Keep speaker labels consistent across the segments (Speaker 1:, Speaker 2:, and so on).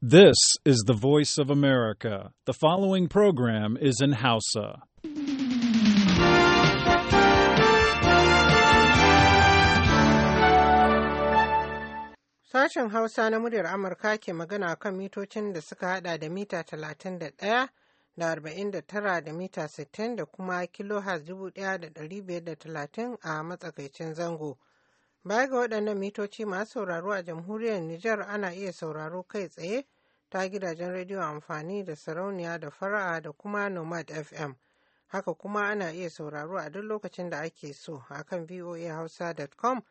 Speaker 1: This is the voice of America. The following program is in Hausa.
Speaker 2: Sashen Hausa na muryar Amurka ke magana kan mitocin da suka hada da mita 31 da 49 da mita 60 da kuma kilohaz 1530 a matsakaicin zango. Baya ga waɗannan mitoci masu sauraro a jamhuriyar Nijar ana iya sauraro kai tsaye ta gidajen rediyo amfani da sarauniya da fara'a da kuma nomad fm haka kuma ana iya sauraro a duk lokacin da ake so a kan voahausa.com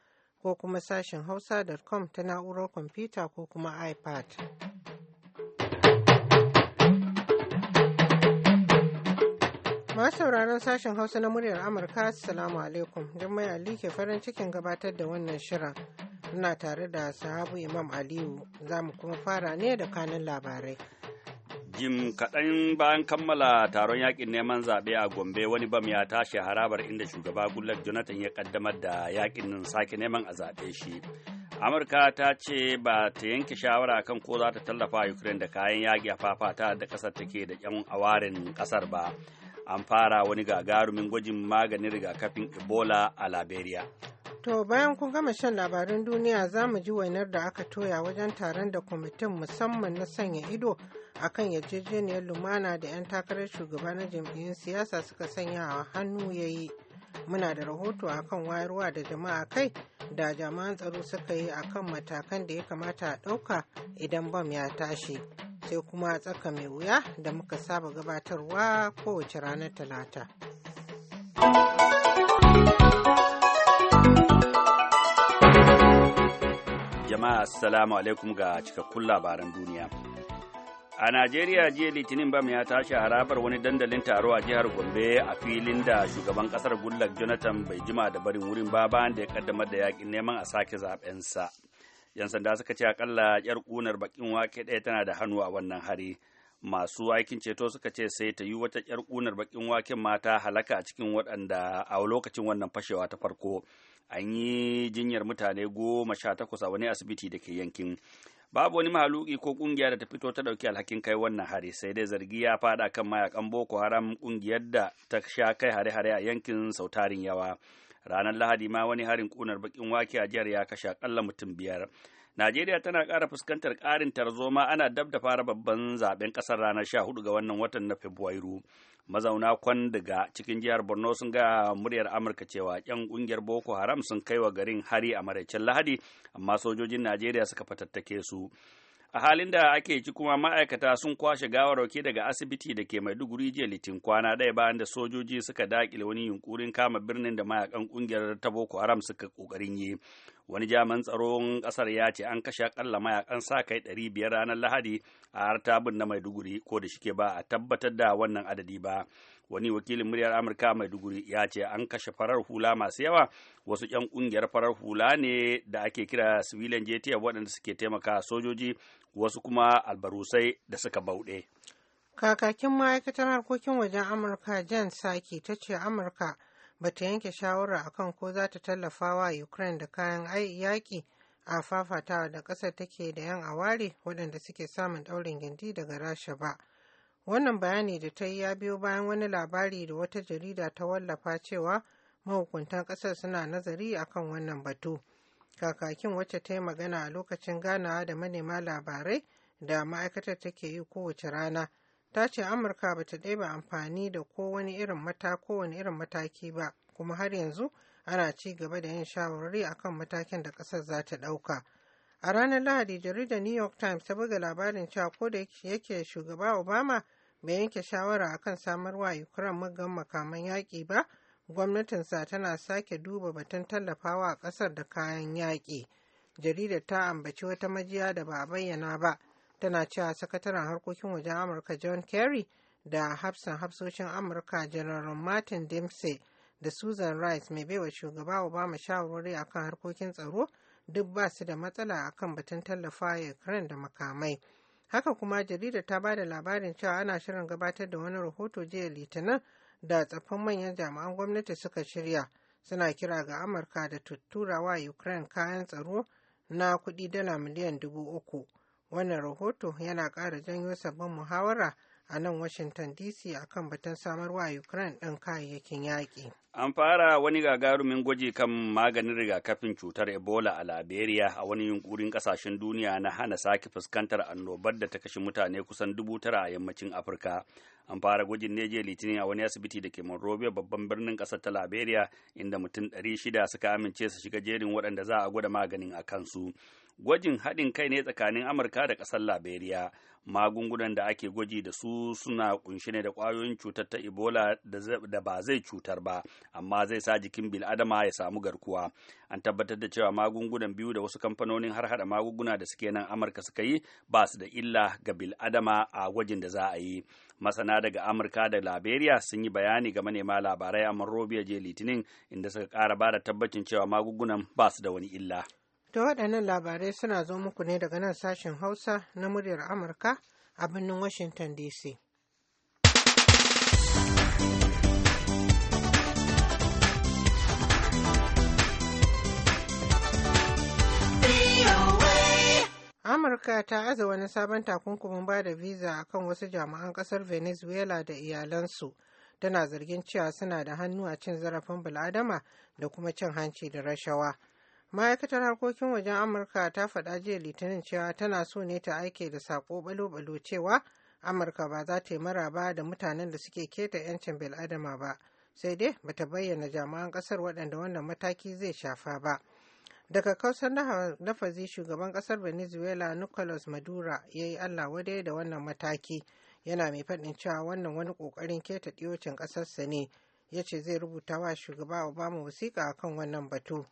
Speaker 2: ko kuma sashen hausa.com ta na'urar kwamfuta ko kuma ipad masu sauraron sashen hausa na muryar amurka assalamu alaikum jummai ali ke farin cikin gabatar da wannan shirin Ina tare da sahabu Imam Aliyu za mu kuma fara ne da kanin labarai.
Speaker 3: jim kaɗan bayan kammala taron yakin neman zaɓe a gombe wani bam ya tashi harabar inda shugaba gullak jonathan ya ƙaddamar da yakin nan sake neman a zaɓe shi amurka ta ce ba ta yanke shawara kan ko za ta tallafa ukraine da kayan yaƙi a fafata da ƙasar take da yan awarin ƙasar ba an fara wani gagarumin gwajin maganin rigakafin ebola a liberia
Speaker 2: To bayan kun gama shan labarin duniya za mu ji wainar da aka toya wajen taron da kwamitin musamman na sanya ido a kan yarjejeniyar lumana da 'yan takarar shugaba na jam'iyyun siyasa suka sanya a hannu ya yi. Muna da rahoto a kan wayarwa da jama'a kai da jama'an tsaro suka yi a kan matakan da ya kamata a ɗauka idan bam ya tashi. Sai kuma tsaka mai wuya da muka saba gabatarwa kowace ranar talata.
Speaker 3: jama'a assalamu alaikum ga cikakkun labaran duniya a najeriya jiya litinin bam ya tashi harabar wani dandalin taro a jihar gombe a filin da shugaban kasar gullak jonathan bai jima da barin wurin ba bayan da ya kaddamar da yakin neman a sake zaɓensa yan sanda suka ce akalla yar kunar bakin wake ɗaya tana da hannu a wannan hari masu aikin ceto suka ce sai ta yi wata yar kunar bakin waken mata halaka a cikin waɗanda a lokacin wannan fashewa ta farko an yi jinyar mutane goma sha takwas a wani asibiti da ke yankin babu wani mahaluki ko kungiya da ta fito ta dauki alhakin kai wannan hari sai dai zargi ya fada kan mayakan boko haram kungiyar da ta sha kai hare-hare a yankin sautarin yawa ranar lahadi ma wani harin kunar bakin wake a jihar ya kashe akalla mutum biyar Najeriya tana ƙara fuskantar ƙarin tarzoma ana dab da fara babban zaben ƙasar ranar sha hudu ga wannan watan na Fabrairu. Mazauna Kwandiga cikin jihar Borno sun ga muryar Amurka cewa 'yan ƙungiyar Boko Haram sun kai wa garin hari a maraicen Lahadi, amma sojojin Najeriya suka fatattake su. a halin da ake ci kuma ma'aikata sun kwashe gawar gawarwake daga asibiti da ke maiduguri jiya litin kwana ɗaya bayan da sojoji suka daƙile wani yunkurin kama birnin da mayakan ƙungiyar ta boko haram suka ƙoƙarin yi wani jami'an tsaron ƙasar ya ce an kashe akalla mayakan sa kai ɗari biyar ranar lahadi a hartabin na maiduguri ko da shike ba a tabbatar da wannan adadi ba wani wakilin muryar amurka maiduguri ya ce an kashe farar hula masu yawa wasu 'yan kungiyar farar hula ne da ake kira civilian jtf waɗanda suke taimaka sojoji wasu kuma albarusai da suka bauɗe
Speaker 2: kakakin ma'aikatar harkokin wajen amurka jan saki ta ce amurka ba ta yanke shawara akan ko za ta tallafa wa ukraine da kayan yaƙi a fafatawa da ƙasar take da 'yan aware waɗanda suke samun ɗaurin gindi daga rasha ba. Wannan bayani da ta yi ya biyo bayan wani labari da wata jarida ta wallafa cewa mahukuntan ƙasar suna nazari akan wannan batu. Kakakin wacce ta yi magana a lokacin ganawa da manema labarai da ma'aikatar take yi kowace rana. Ta ce Amurka ba ta ɗeba amfani da ko irin mata ko irin mataki ba, kuma har yanzu ana ci gaba da yin shawarwari kan matakin da ƙasar za ta ɗauka. A ranar Lahadi, jaridar New York Times ta buga labarin cewa ko da yake shugaba Obama bai yanke shawara akan samarwa Ukraine magan makaman yaƙi ba, gwamnatinsa tana sake duba batun tallafawa ƙasar da kayan yaƙi. Jaridar ta ambaci wata majiya da ba a bayyana ba, tana cewa sakataren harkokin wajen Amurka John Kerry da hafsan hafsoshin Amurka General Martin Dempsey da Susan Rice mai baiwa shugaba Obama shawarwari akan harkokin tsaro duk ba su da matsala akan batun tallafa Ukraine da makamai. haka kuma jaridar ta ba da labarin cewa ana shirin gabatar da wani rahoto jiya litinin da tsaffin manyan jami'an gwamnati suka shirya suna kira ga amurka da tuttura wa ukraine kayan tsaro na kudi dala miliyan dubu uku wannan rahoto yana ƙara janyo sabbin muhawara a nan washington dc akan batun samarwa ukraine ɗin kayayyakin yaƙi
Speaker 3: An fara wani gagarumin gwaji kan maganin rigakafin cutar Ebola a Liberia a wani yunkurin ƙasashen duniya na hana sake fuskantar annobar da ta kashe mutane kusan dubu tara a yammacin Afirka. An fara gwajin Neje Litinin a wani asibiti da ke Monrovia babban birnin ƙasar ta Liberia inda mutum ɗari shida suka amince su shiga jerin waɗanda za a gwada maganin a kansu. gwajin haɗin kai ne tsakanin amurka da ƙasar liberia magungunan da ake gwaji da su suna kunshe ne da ƙwayoyin cutar ta ebola da ba zai cutar ba amma zai sa jikin biladama ya samu garkuwa an tabbatar da cewa magungunan biyu da wasu kamfanonin har hada magunguna da suke nan amurka suka yi ba su da illa ga biladama a gwajin da za a yi masana daga amurka da liberia sun yi bayani ga manema labarai a monrovia je litinin inda suka ƙara ba da tabbacin cewa magungunan ba su da wani illa
Speaker 2: To waɗannan labarai suna zo muku ne daga nan sashen Hausa na muryar Amurka a birnin Washington DC. Amurka ta aza wani sabon takunkumin ba da visa a kan wasu jami'an ƙasar Venezuela da iyalansu, tana zargin cewa suna da hannu a cin zarafin bil'adama da kuma cin hanci da rashawa. ma'aikatar harkokin wajen amurka ta faɗa jiya litinin cewa tana so ne ta aike da sako balo-balo cewa amurka ba za ta yi maraba da mutanen da suke keta 'yancin bil'adama ba sai dai bata bayyana jami'an ƙasar waɗanda wannan mataki zai shafa ba daga kausan lafazi shugaban ƙasar venezuela nicolas madura ya yi allah wadai da wannan mataki yana mai faɗin cewa wannan wani ƙoƙarin keta ɗiyocin ƙasarsa ne ya ce zai rubuta wa shugaba obama wasiƙa akan wannan batu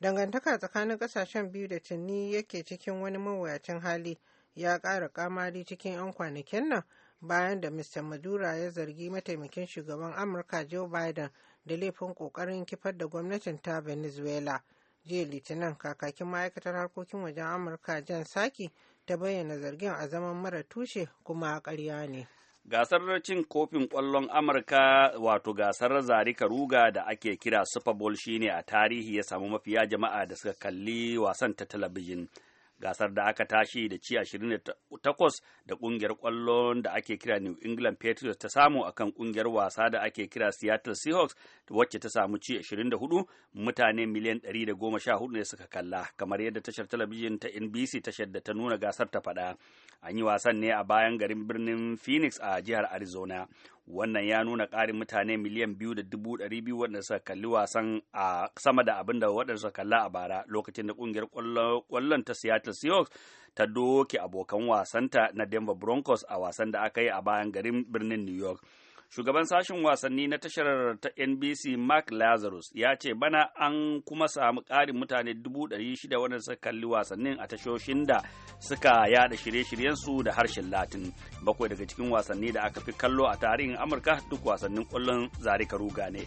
Speaker 2: dangantaka tsakanin kasashen biyu da tuni yake cikin wani mawuyacin hali ya ƙara kamari cikin 'yan kwanakin nan bayan da mr madura ya zargi mataimakin shugaban amurka joe biden da laifin ƙoƙarin kifar da gwamnatin ta venezuela jiya litinin kakakin ma'aikatar harkokin wajen amurka jan saki ta bayyana zargin a zaman mara tushe kuma ƙarya ne
Speaker 3: gasar cin kofin ƙwallon amurka wato gasar zarika ruga da ake kira super bowl shine a tarihi ya samu mafiya jama'a da suka kalli wasan ta talabijin gasar da aka tashi da ci 28 da kungiyar kwallon da ake kira New England Patriots ta samu akan kungiyar wasa da ake kira Seattle Seahawks wacce ta samu ci 24 mutane miliyan 114 ne suka kalla kamar yadda tashar talabijin ta NBC tashar da ta nuna gasar ta faɗa. An yi wasan ne a bayan garin birnin Phoenix a jihar Arizona. wannan ya nuna ƙarin mutane miliyan biyu da dubu ɗari biyu waɗanda suka kalli wasan a sama da abin da waɗanda suka kalla a bara lokacin da ƙungiyar ƙwallon ta Seattle Seahawks ta doke abokan wasanta na Denver Broncos a wasan da aka yi a bayan garin birnin New York. Shugaban sashen wasanni na tashar ta NBC Mark Lazarus ya ce bana an kuma samu ƙarin mutane 600 wanda suka kalli wasannin a tashoshin da suka yada shirye shiryen su da harshen Latin. Bakwai daga cikin wasanni da aka fi kallo a tarihin Amurka duk wasannin kullum zari karu ne.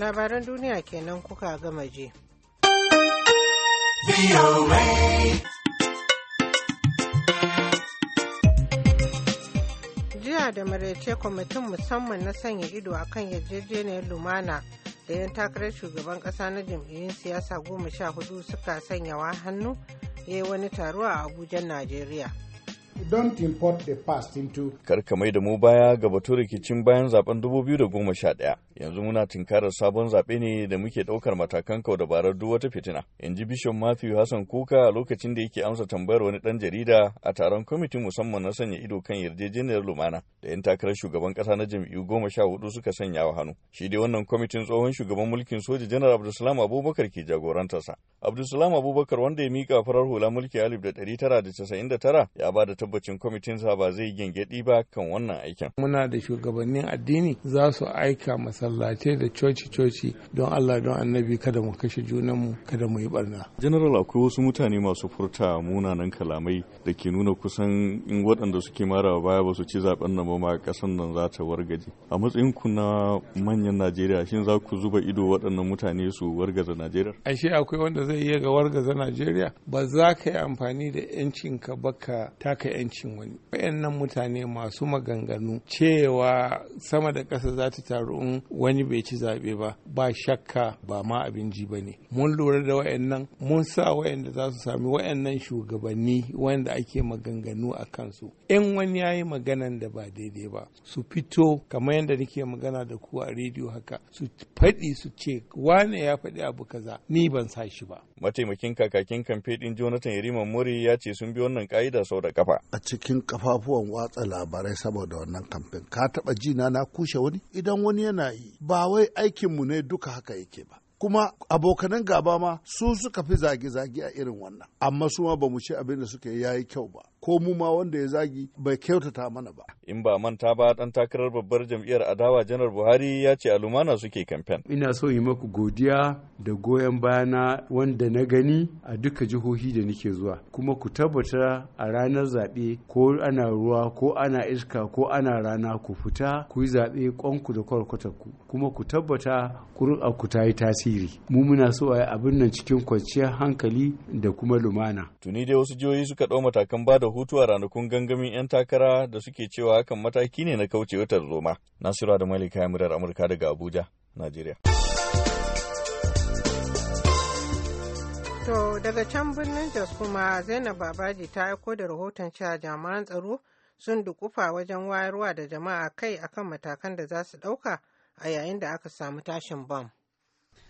Speaker 2: Labaran duniya kenan kuka gama je. yana da maraice kwamitin musamman na sanya ido a kan yarjejeniyar lumana da yan takarar shugaban kasa na jam'iyyun siyasa goma sha hudu suka sanyawa hannu ya yi wani taro a abuja najeriya
Speaker 4: Don't import the past into. Kar ka mai da mu baya ga batun rikicin bayan zaben 2011. yanzu muna tinkarar sabon zaɓe ne da muke ɗaukar matakan kau dabarar duk wata fitina in ji bishop matthew hassan kuka a lokacin da yake amsa tambayar wani ɗan jarida a taron kwamitin musamman na sanya ido kan yarjejeniyar lumana da 'yan takarar shugaban ƙasa na jam'iyyu goma sha hudu suka sanya wa hannu shi dai wannan kwamitin tsohon shugaban mulkin soja janar abdulsalam abubakar ke jagorantarsa abdulsalam abubakar wanda ya mika farar hula mulki alif da ɗari tara da casa'in da tara ya ba da tabbacin sa ba zai gyangyaɗi ba kan wannan aikin muna da shugabannin addini
Speaker 5: za su aika masa masallatai da coci-coci don Allah don annabi kada mu kashe junanmu kada mu yi barna.
Speaker 4: General akwai wasu mutane masu furta munanan kalamai da ke nuna kusan in waɗanda suke mara baya ba su ci zaben nan ba ma ƙasan nan za ta wargaje. A matsayin ku na manyan Najeriya shin za ku zuba ido waɗannan mutane su wargaza Najeriya? Ashe
Speaker 5: akwai wanda zai iya ga wargaza Najeriya ba za ka yi amfani da ka ba ka taka 'yancin wani. Wayannan mutane masu maganganu cewa sama da ƙasa za ta taru wani bai ci zaɓe ba ba shakka ba ma abin ji ba ne mun lura da wayannan mun sa wayanda za su sami wayannan shugabanni wanda ake maganganu a kansu in wani ya yi maganan da ba daidai ba su fito kamar yadda nake magana da ku a rediyo haka su faɗi su ce wane ya faɗi abu kaza ni
Speaker 4: ban sa shi ba Mataimakin kakakin kamfe din Jonathan yariman Muri ya ce sun bi wannan ka'ida sau da kafa.
Speaker 6: A cikin kafafuwan watsa labarai saboda wannan kamfen ka taɓa jina na kushe wani idan wani yana yi ba wai aikinmu ne duka haka yake ba. kuma abokanan gaba ma su suka fi zage-zage a irin wannan amma su ma ba mu ce abin da suka yi yayi kyau ba ko mu ma wanda ya zagi bai kyautata mana ba.
Speaker 4: In ba manta ba dan takarar babbar jam'iyyar adawa janar Buhari ya ce a lumana suke kamfen.
Speaker 7: Ina so yi maku godiya da goyon bayana wanda na gani a duka jihohi da nake zuwa kuma ku tabbata a ranar zaɓe ko ana ruwa ko ana iska ko ana rana ku fita ku yi zaɓe ƙwanku da kwarkwatarku kuma ku tabbata ƙuri'a ku ta yi tasiri. Mu muna so a yi abin nan cikin kwanciyar hankali da kuma lumana.
Speaker 4: Tuni dai wasu jihohi suka ɗau matakan ba da hutu ranakun gangamin 'yan takara da suke cewa hakan mataki ne na kauce wutar zoma. Nasiru da Malika Murar Amurka daga Abuja, Najeriya.
Speaker 2: To daga can birnin Jos kuma Zainab Babaji ta aiko da rahoton cewa jami'an tsaro sun dukufa wajen wayarwa da jama'a kai akan matakan da za su ɗauka a yayin da aka samu tashin bam.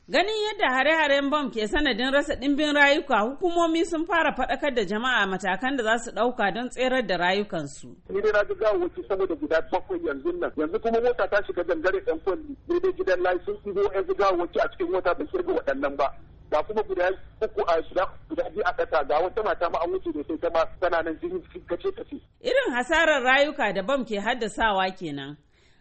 Speaker 1: Ganin yadda hare-haren bom ke sanadin rasa ɗimbin rayuka hukumomi sun fara faɗakar da jama'a matakan da za su ɗauka don tserar da rayukansu.
Speaker 6: Ni ne na ga gawawaci sama da guda bakwai yanzu nan yanzu kuma mota ta shiga dangare ɗan kwalli ne gidan layi sun ga yanzu gawawaci a cikin mota bai kirga waɗannan ba. ba kuma guda uku a guda biyu a ƙasa ga wata mata ma an wuce da sai ta ma tana nan jini
Speaker 1: kace kace. Irin hasarar rayuka da bom ke haddasawa kenan.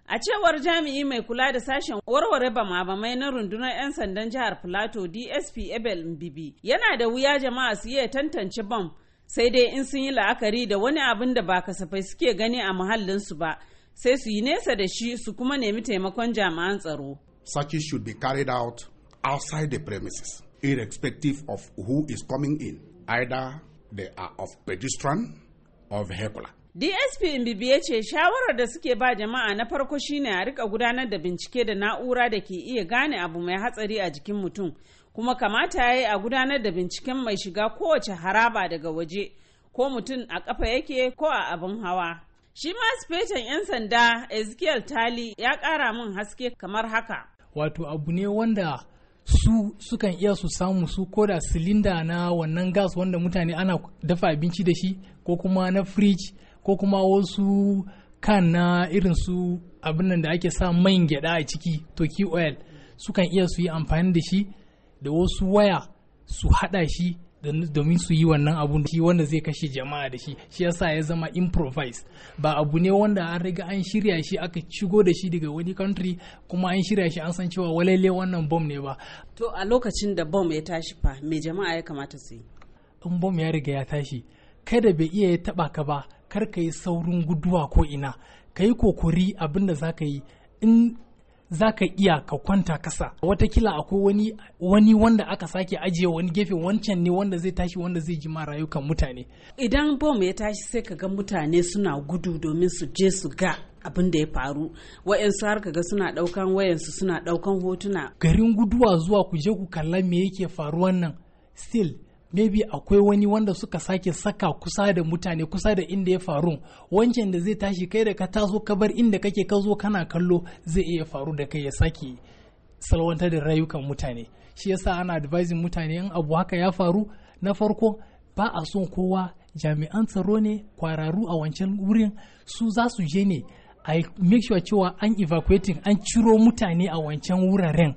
Speaker 1: A cewar jami'i mai kula da sashen warware bama-bamai na rundunar 'yan sandan jihar Filato DSP Ebel Mbibi yana da wuya jama'a su iya tantance bam sai dai in sun yi la'akari da wani abin da ba kasafai suke gani a muhallinsu ba sai su yi nesa da shi su kuma nemi taimakon jami'an tsaro.
Speaker 8: Searches should be carried out outside the premises irrespective of who is coming in either they are of pedestrian or vehicular.
Speaker 1: dsp mbibi ya ce shawarar da suke ba jama'a na farko shine a rika gudanar da bincike da na'ura da ke iya gane abu mai hatsari a jikin mutum kuma kamata ya yi a gudanar da binciken mai shiga kowace haraba daga waje ko mutum a kafa yake ko a abin hawa shi ma sifetan 'yan sanda ezekiel tali ya kara min haske kamar haka
Speaker 9: wato abu ne wanda su sukan iya su samu su koda silinda na wannan gas wanda mutane ana dafa abinci da shi ko kuma na firij. ko kuma wasu kan na irin su abin nan da ake sa man gyada a ciki toki oil sukan iya su yi amfani da shi da wasu waya su hada shi domin su yi wannan abun shi wanda zai kashe jama'a da shi shi yasa ya zama improvise ba abu ne wanda an riga an shirya shi aka shigo da shi daga wani country kuma an shirya shi an san cewa walele wannan bom ne ba to a lokacin da bom ya tashi fa me jama'a ya kamata su yi in bom ya riga ya tashi kada bai iya ya taba ka ba kar ka yi saurin guduwa ko ina ka yi kokori abin da za ka yi in za ka iya ka kwanta kasa watakila akwai wani, wani wanda aka sake ajiye wani gefe wancan ne wanda zai tashi wanda zai jima rayukan mutane idan bom ya tashi sai ka
Speaker 1: ga mutane suna gudu domin su je su ga abin da ya faru wayansu har ga
Speaker 9: suna daukan wayansu suna daukan hotuna garin guduwa zuwa ku je ku kalla me yake faruwan nan still maybe akwai wani wanda suka sake saka kusa da mutane kusa da inda ya faru wancan da zai tashi kai da ka taso ka bar inda kake ka zo kana kallo zai iya faru da kai ya sake salwantar da rayukan mutane shi yasa ana advising mutane in abu haka ya faru na farko ba a son kowa jami'an tsaro ne kwararru a wancan wurin su za su je ne a make sure cewa an evacuating an ciro mutane a wancan wuraren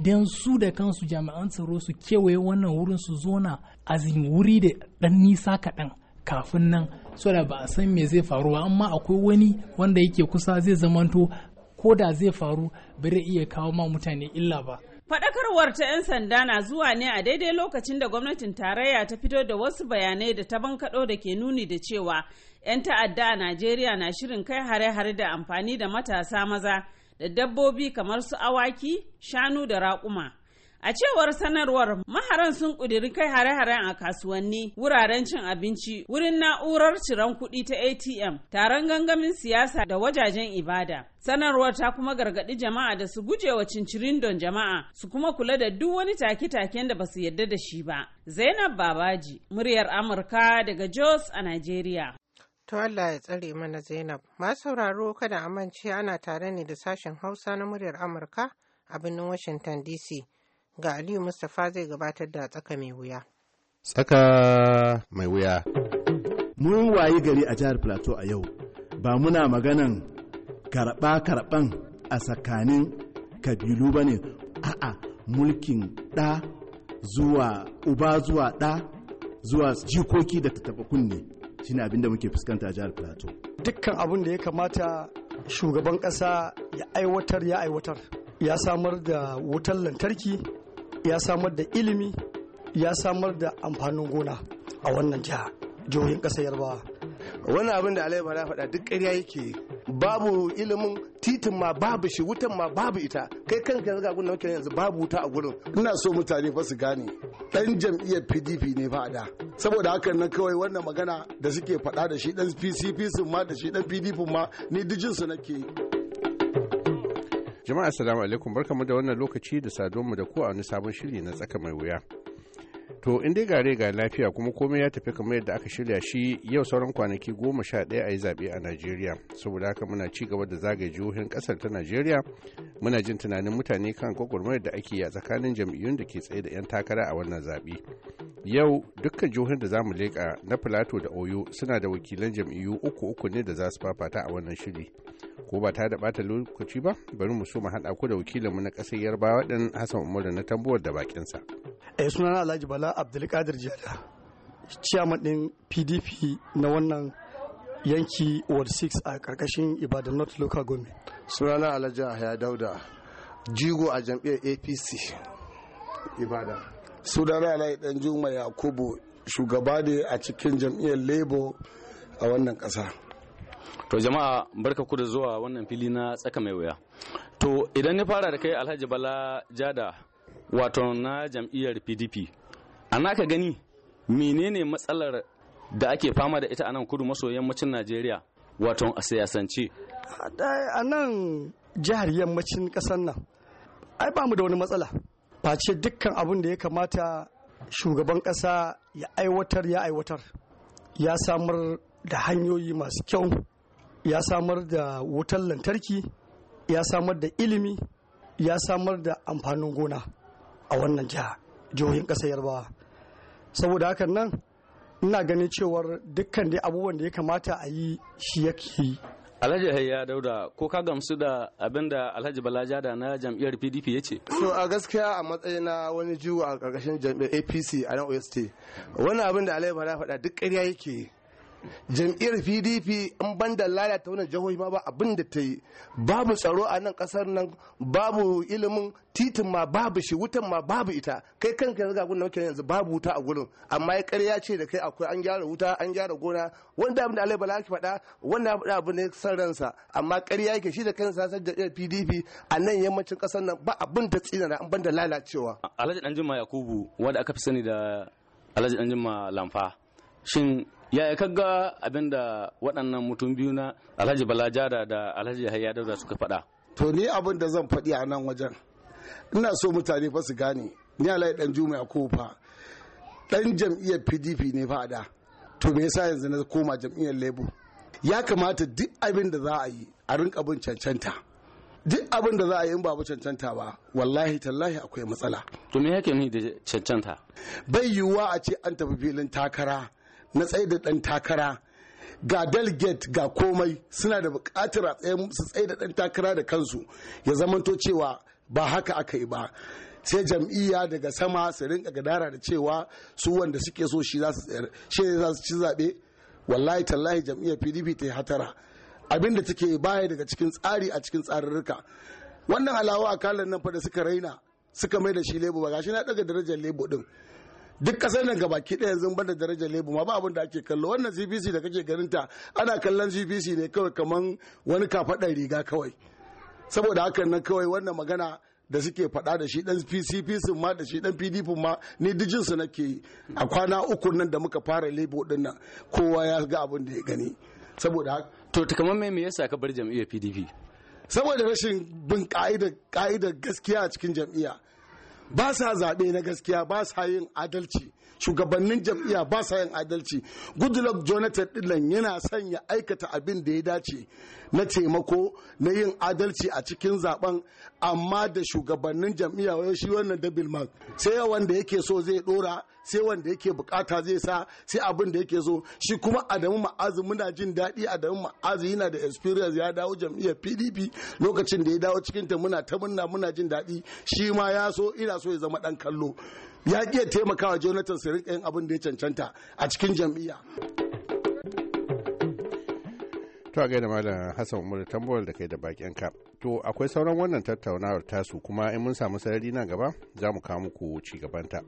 Speaker 9: don su da kansu jami'an tsaro su kewaye wannan wurin su zo na a wuri da dan nisa kaɗan kafin nan so da ba a san me zai faru ba amma akwai wani wanda yake kusa zai zamanto ko da zai faru bare iya kawo ma mutane illa ba
Speaker 1: Faɗakarwar ta 'yan sanda na zuwa ne a daidai lokacin da gwamnatin tarayya ta fito da wasu bayanai da ta bankaɗo da ke nuni da cewa 'yan ta'adda a Najeriya na shirin kai hare-hare da amfani da matasa maza da dabbobi kamar su awaki, shanu da raƙuma. A cewar sanarwar maharan sun ƙudiri kai hare-haren a kasuwanni, wuraren cin abinci, wurin na'urar ciran kuɗi ta ATM, taron gangamin siyasa da wajajen ibada. Sanarwar ta kuma gargaɗi jama'a da su gujewa don jama'a su kuma kula da duk wani take-taken da ba su yarda da shi ba. Zainab Babaji, muryar Amurka daga Jos a Najeriya.
Speaker 2: To Allah ya tsare mana Zainab. Masu sauraro kada amince ana tare ne da sashen Hausa na muryar Amurka a birnin Washington DC. Ga Aliyu mustafa zai gabatar da tsaka mai wuya.
Speaker 8: Tsaka mai wuya. Mun wayi gari
Speaker 10: a jihar Plateau a yau ba muna maganan karɓa-karɓan a tsakanin kabilu ba ne. A'a mulkin ɗa zuwa uba zuwa ɗa zuwa jikoki da taɓa kunne. shine abin da muke fuskanta a jihar plateau
Speaker 11: dukkan abin da ya kamata shugaban ƙasa ya aiwatar ya aiwatar ya samar da wutar lantarki ya samar da ilimi ya samar da amfanin gona a wannan jiha jihohin ƙasar yarbawa wannan abin da alayyar na faɗa duk ƙarya yake babu ilimin titin ma babu shi
Speaker 6: wutan ma babu ita kai kanka yanzu ga gudun yanzu babu wuta a gurin ina so mutane fa su gane dan jam'iyyar pdp ne fa da saboda haka na kawai wannan magana da suke faɗa da shi dan pcp sun ma da shi dan pdp ma ni su nake
Speaker 8: jama'a assalamu alaikum barkamu da wannan lokaci da saduwanmu da ku a wani sabon shiri na tsaka mai wuya to in dai gare ga lafiya kuma komai ya tafi kamar yadda aka shirya shi yau sauran kwanaki goma sha ɗaya a yi zaɓe a najeriya saboda haka muna ci gaba da zagaye jihohin ƙasar ta najeriya muna jin tunanin mutane kan gwagwarmayar da ake yi a tsakanin jam'iyyun da ke tsaye da 'yan takara a wannan zaɓe yau dukkan jihohin da za mu leƙa na filato da oyo suna da wakilan jam'iyyu uku uku ne da za su fafata a wannan shiri ko ba ta da bata lokaci ba bari mu so mu haɗa ku da wakilinmu na kasar yarbawa ɗin hassan umaru na tambuwar da sa
Speaker 11: eh sunana alhaji bala abdulkadir jada ciyaman ɗin pdp na wannan yanki ward 6 a karkashin ibadan north local government sunana alhaji ahaya
Speaker 6: dauda jigo a jam'iyyar apc ibadan sunana alhaji dan juma yakubu shugaba ne a cikin jam'iyyar labour a wannan ƙasa
Speaker 7: To jama'a barka ku da zuwa wannan fili na tsaka mai wuya. To idan ni fara da kai Alhaji Bala Jada wato na jam'iyyar PDP. A naka gani menene matsalar da ake fama da ita a nan kudu maso yammacin Najeriya wato a siyasance?
Speaker 11: A nan jihar yammacin ƙasar nan ai ba mu da wani matsala. Face dukkan abin da ya kamata shugaban ƙasa ya aiwatar ya aiwatar ya samar da hanyoyi masu kyau ya samar da wutar lantarki ya samar da ilimi ya samar da amfanin gona a wannan jiha jihohin ƙasar yarbawa saboda hakan nan ina ganin cewar dukkan dai abubuwan da ya kamata a yi shi yake
Speaker 7: Alhaji Hayya Dauda ko ka gamsu da abin da Alhaji Balaja da na jam'iyyar PDP ya ce? So
Speaker 6: a gaskiya a matsayin na wani jiwo a ƙarƙashin jam'iyyar APC a nan state wani abin da Alhaji Bala faɗa duk ƙarya yake jam'iyyar pdp in ban da lalata wannan jihohi ma ba abin da ta yi babu tsaro a nan kasar nan babu ilimin titin ma babu shi wutan ma babu ita kai kanka yanzu ga gurin muke yanzu babu wuta a gurin amma ya karya ce da kai akwai an gyara wuta an gyara gona wanda abin da alai bala ki faɗa wannan abu ne san ransa amma karya yake shi da kansa san jam'iyyar pdp a nan yammacin kasar nan ba abin da tsina na ban da lalacewa
Speaker 7: alhaji danjuma yakubu wanda aka fi sani da alhaji danjuma lamfa shin yaya kaga abin da waɗannan mutum biyu na alhaji balajada da alhaji hayya dauda suka faɗa
Speaker 6: to ni abin da zan faɗi a nan wajen ina so mutane fa su gane ni alhaji dan juma ya kofa dan jam'iyyar pdp ne fa da to me yasa yanzu na koma jam'iyyar labor ya kamata duk abin da za a yi a rinka bin cancanta duk abin da za a yi in babu cancanta ba wallahi tallahi akwai matsala
Speaker 7: to me yake ni da cancanta
Speaker 6: bai yiwuwa a ce an tafi filin takara na tsaye da ɗan takara ga delegate ga komai suna da buƙatar su tsaye da ɗan takara da kansu ya zamanto cewa ba haka aka yi ba sai jam'iyya daga sama su rinka gadara da cewa su wanda suke so shi za su tsayar shi za su ci zaɓe wallahi tallahi jam'iyyar pdp ta hatara abin da take baya daga cikin tsari a cikin tsarurruka wannan halawa a kalan nan fa da suka raina suka mai da shi lebo ba gashi na daga darajar lebo din duk kasar nan gaba ɗaya yanzu da darajar lebu ma ba abin da ake kallo wannan cpc da kake ganin ta ana kallon cpc ne kawai kaman wani kafaɗar riga kawai saboda hakan nan kawai wannan magana da suke faɗa da shi ɗan sun ma da shi ɗan pdp ma ni dijin su nake yi a kwana uku nan da muka fara lebo din nan kowa ya ga abin da ya gani saboda to kaman me yasa ka bar jam'iyyar pdp saboda rashin bin ka'ida gaskiya a cikin jam'iyya ba sa zaɓe na gaskiya ba sa yin adalci shugabannin jam'iyya ba sa yin adalci goodluck jonathan dillan yana son ya aikata abin da ya dace na taimako na yin adalci a cikin zaben amma da shugabannin jam'iyya wani shi wannan double mark sai wanda yake so zai dora sai wanda yake bukata zai sa sai abin da yake so shi kuma adamu ma'azu muna jin daɗi adamu ma'azu yana da experience ya dawo jam'iyyar pdp lokacin da ya dawo cikin ta muna ta muna muna jin daɗi shi ma ya so ina so ya zama ɗan kallo ya iya taimakawa jonathan su riƙe abin da ya cancanta a cikin jam'iyya
Speaker 8: to a gaida malam hassan umar tambayar da kai da bakinka to akwai sauran wannan tattaunawar tasu kuma in mun samu sarari na gaba za mu kawo muku ci gabanta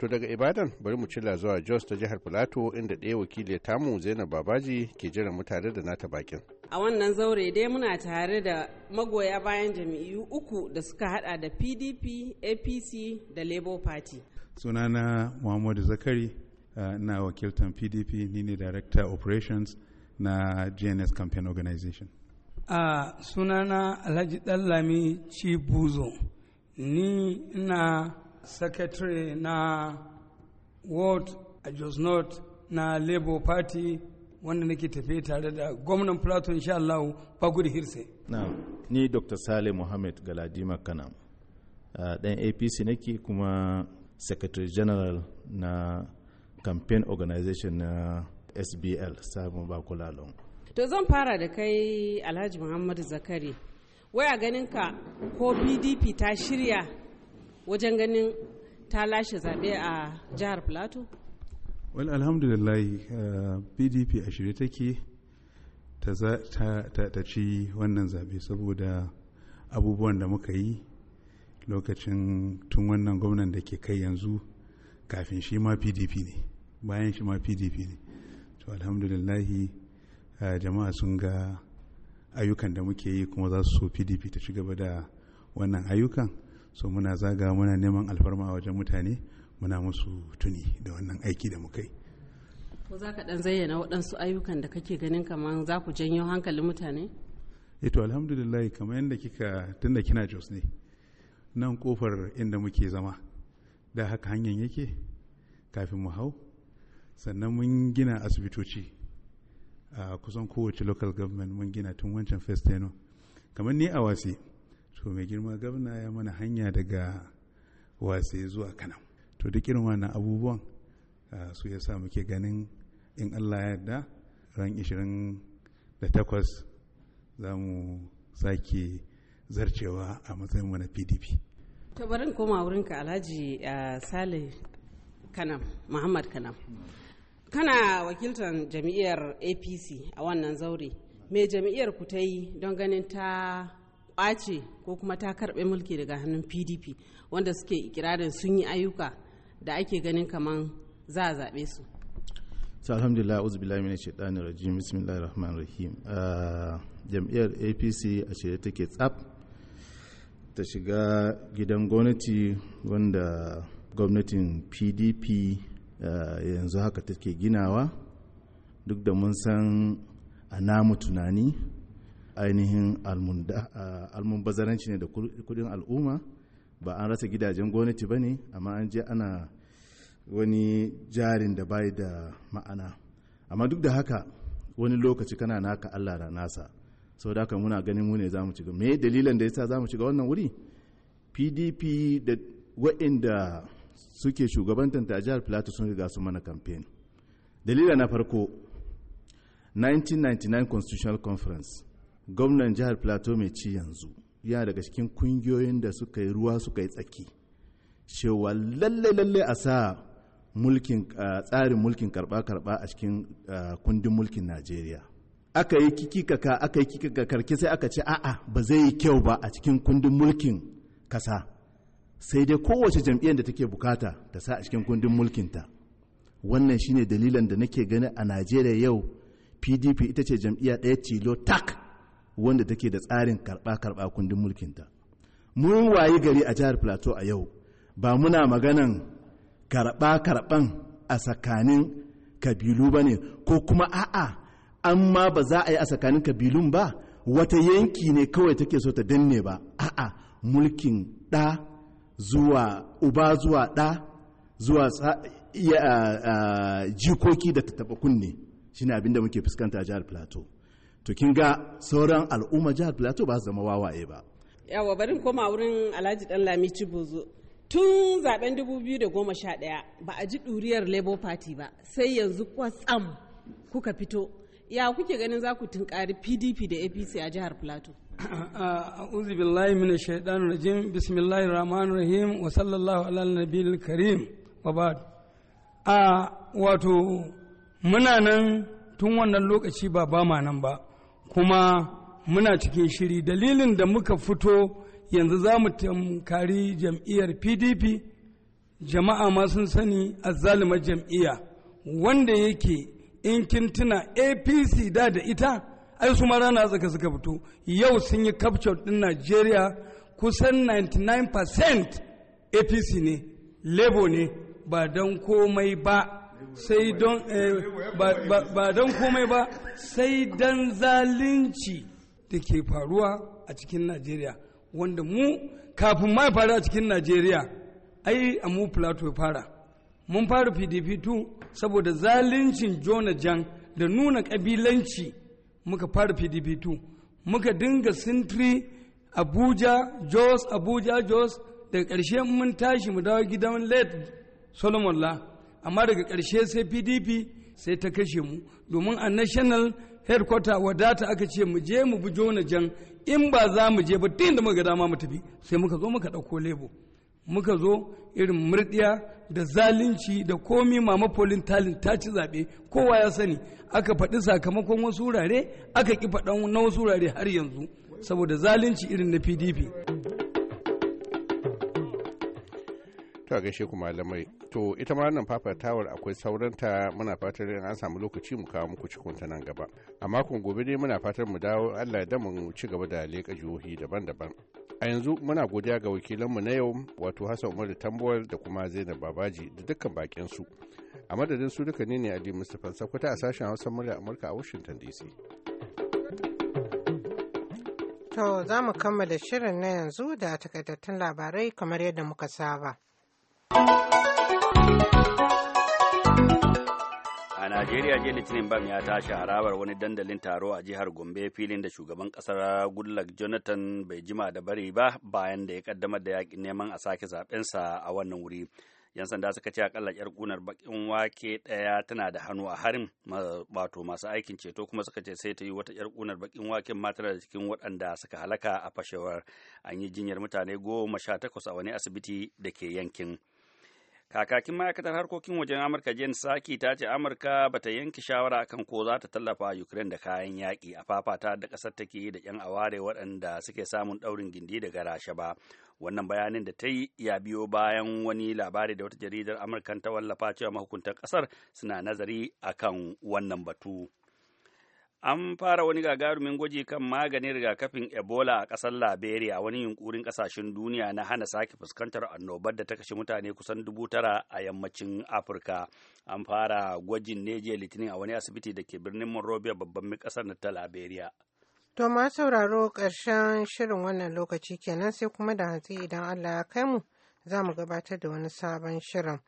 Speaker 8: To daga Ibadan bari mu cilla zuwa Jos ta jihar Filato inda ɗaya wakili tamu Zainab Babaji ke jiran mutane da nata bakin.
Speaker 1: A wannan zaure dai muna tare da magoya bayan jami'u uku da suka hada da PDP, APC da Labour Party.
Speaker 8: Sunana
Speaker 5: Muhammadu Zakari eh, na wakiltan PDP ni ne Director Operations na GNS Campaign Organization.
Speaker 12: A sunana Alhaji Dallami Chibuzo ni na secretary na ward a jos north na labour party wanda nake tafe tare da gwamnan platon insha Allah ba da hirse
Speaker 10: na ni dr sale mohammed galadima kana dan ah, apc nake kuma secretary general na campaign organization na sbl sabon bakulalon
Speaker 1: to zan fara da kai alhaji muhammadu zakari waya ganinka ko pdp ta shirya wajen ganin ta lashe zaɓe a jihar plateau
Speaker 5: well alhamdulillah uh, pdp a shirye take ta, ta, ta, ta ci wannan zaɓe saboda abubuwan da muka yi lokacin tun wannan gwamnan da ke kai yanzu kafin shi ma pdp ne bayan shi ma pdp ne to alhamdulillahi uh, jama'a sun ga ayyukan da muke yi kuma za su so pdp ta ci gaba da wannan ayyukan so muna zaga muna neman alfarma a wajen mutane muna musu tuni da wannan aiki da muka yi
Speaker 1: ko za ka dan zayyana waɗansu ayyukan da kake ganin kamar za ku janyo hankalin mutane
Speaker 5: eto eh alhamdulillah kamar yadda kika tunda kina jos ne nan kofar inda muke zama da haka hanyar yake kafin mu hau sannan mun gina asibitoci a kusan kowace local government mun gina tun wancan festeno kamar ni a wasi to mai girma gabna ya mana hanya daga wase zuwa kana to duk irin wannan abubuwan su ya sa muke ganin in allah ya yarda ran 28 za mu sake zarcewa a matsayin na pdp
Speaker 1: tabarin barin koma ka alhaji sale kanam muhammad kanam kana wakiltar jam'iyyar apc a wannan zaure mai jam'iyyar ku ta yi don ganin ta kwace ko kuma ta karɓe mulki daga hannun pdp wanda suke ikirarin sun yi ayyuka da ake ganin kamar za a zaɓe su
Speaker 10: ta alhamdulillah uzu bilahi ce shaitanin rajim bismillahir rahman rahim uh, jam'iyyar apc a shirye take tsab ta shiga gidan gwamnati wanda gwamnatin pdp uh, yanzu haka take ginawa duk da mun san a namu tunani ainihin almunbazaranci ah, ne da kudin al'umma ba an rasa gidajen gwamnati ba ne amma an je ana wani jarin da bai da ma'ana amma duk da haka wani lokaci kana naka allah da nasa sau da muna ganin mu ne za mu shiga me dalilan da yasa za mu shiga wannan wuri pdp da wa'inda suke shugabantanta a jihar plateau sun riga su mana kamfen dalila na farko 1999 constitutional conference gwamnan jihar plateau mai ci yanzu ya daga cikin kungiyoyin da suka yi ruwa suka yi tsaki cewa lalle lalle a sa mulkin tsarin mulkin karba karba a cikin kundin mulkin najeriya aka yi kikikaka aka yi karki sai aka ce a'a ba zai yi kyau ba a cikin kundin mulkin kasa sai dai kowace jam'iyyar da take bukata ta sa a cikin kundin mulkinta wannan shine dalilan da nake gani a najeriya yau pdp ita ce jam'iyya ɗaya tilo tak wanda take da tsarin karɓa-karɓa kundin mulkinta mun wayi gari a jihar plateau a yau ba muna maganan karɓa-karɓan a tsakanin kabilu ba ne ko kuma a'a amma ba za a yi a tsakanin kabilun ba wata yanki ne kawai take so ta danne ba a'a mulkin ɗa zuwa uba zuwa ɗa zuwa jikoki da taɓa kunne shine abin da muke fuskanta a jihar plateau to kin ga sauran al'umma jihar plateau ba su zama wawaye ba
Speaker 1: yawa barin koma wurin alhaji dan lami cibozo tun zaben 2011 ba a ji ɗuriyar labour party ba sai yanzu kwatsam kuka fito ya kuke ganin za ku tunkari pdp da apc a jihar plateau
Speaker 12: a'udhu billahi minash shaitanir rajim bismillahi rahmanir rahim wa sallallahu ala nabiyil karim wa ba a wato muna nan tun wannan lokaci ba ba ma nan ba kuma muna cikin shiri dalilin da muka fito yanzu za mu tamkari jam'iyyar pdp jama'a ma sun sani azzalima jam'iyya wanda yake in kin tuna apc da da ita ai su ma rana tsaka suka fito yau sun yi capture din najeriya kusan 99% apc ne labo ne ba don komai ba sai don eh, ba don komai ba sai don zalunci da ke faruwa a cikin najeriya wanda mu kafin ma fara a cikin najeriya ai a mu plato ya fara mun fara pdp 2 saboda zaluncin jona jan da nuna kabilanci muka fara pdp 2 muka dinga sintiri abuja jos abuja jos daga ƙarshe mun tashi mu dawo gidan late solomon la amma daga karshe sai pdp sai ta kashe mu domin a national headquarter wadata aka ce mu je mu bujo jona jan in ba za mu je ba tun da muka dama mu tafi sai muka zo muka ɗauko lebo muka zo irin murɗiya da zalunci da komi mama polin talin ta ci zaɓe kowa ya sani aka faɗi sakamakon wasu wurare aka ƙi faɗan na wasu wurare har yanzu saboda zalunci irin na pdp
Speaker 8: to a gaishe ku malamai to ita ma wannan fafatawar akwai sauranta muna fatar in an samu lokaci mu kawo muku cikin ta nan gaba a makon gobe dai muna fatar mu dawo Allah da mu ci gaba da leƙa jihohi daban-daban a yanzu muna godiya ga wakilanmu na yau wato Hassan Umar Tambuwal da kuma Zainab Babaji da dukkan bakin su a madadin su duka ne ne Ali mustafa Sakwata a sashen Hausa murya Amurka a Washington DC
Speaker 2: To za mu kammala shirin na yanzu da takaitattun labarai kamar yadda muka saba. A
Speaker 3: Najeriya jiya Litinin Bam ya tashi harabar wani dandalin taro a jihar Gombe filin da shugaban kasar Goodluck Jonathan bai jima da bari ba bayan da ya kaddamar da yakin neman a sake zaɓensa a wannan wuri. 'yan sanda suka ce akalla yar kunar bakin wake daya tana da hannu a harin wato masu aikin ceto kuma suka ce sai ta yi wata yar kunar bakin waken matar da cikin waɗanda suka halaka a fashewar an yi jinyar mutane goma sha takwas a wani asibiti da ke yankin kakakin ma'aikatar harkokin wajen amurka jen saki ta ce amurka ba ta yanke shawara akan ko za ta tallafa ukraine da kayan yaƙi a fafata da ƙasar take da 'yan aware waɗanda suke samun ɗaurin gindi daga rasha ba wannan bayanin da ta yi ya biyo bayan wani labari da wata jaridar amurkan ta wallafa cewa mahukuntan ƙasar suna nazari akan wannan batu. an fara wani gagarumin gwaji kan maganin rigakafin ebola a ƙasar liberia wani yunkurin ƙasashen duniya na hana sake fuskantar annobar da ta kashe mutane kusan dubu tara a yammacin afirka an fara gwajin ne jiya litinin a wani asibiti da ke birnin monrovia babban ƙasar ta liberia
Speaker 2: to ma sauraro ƙarshen shirin wannan lokaci kenan sai kuma da hatsi idan allah ya kai mu za mu gabatar da wani sabon shirin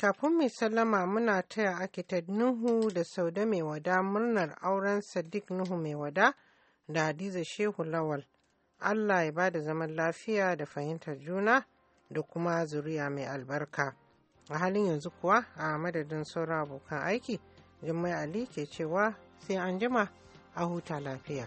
Speaker 2: Kafin mai sallama muna taya Akitad Nuhu da sauda mai wada murnar auren Sadiq Nuhu mai wada da Hadiza Shehu Lawal. Allah ya ba da zaman lafiya da fahimtar juna da kuma zuriya mai albarka. A halin yanzu kuwa a madadin sauran abokan aiki, Jummai Ali ke cewa sai an jima a huta lafiya.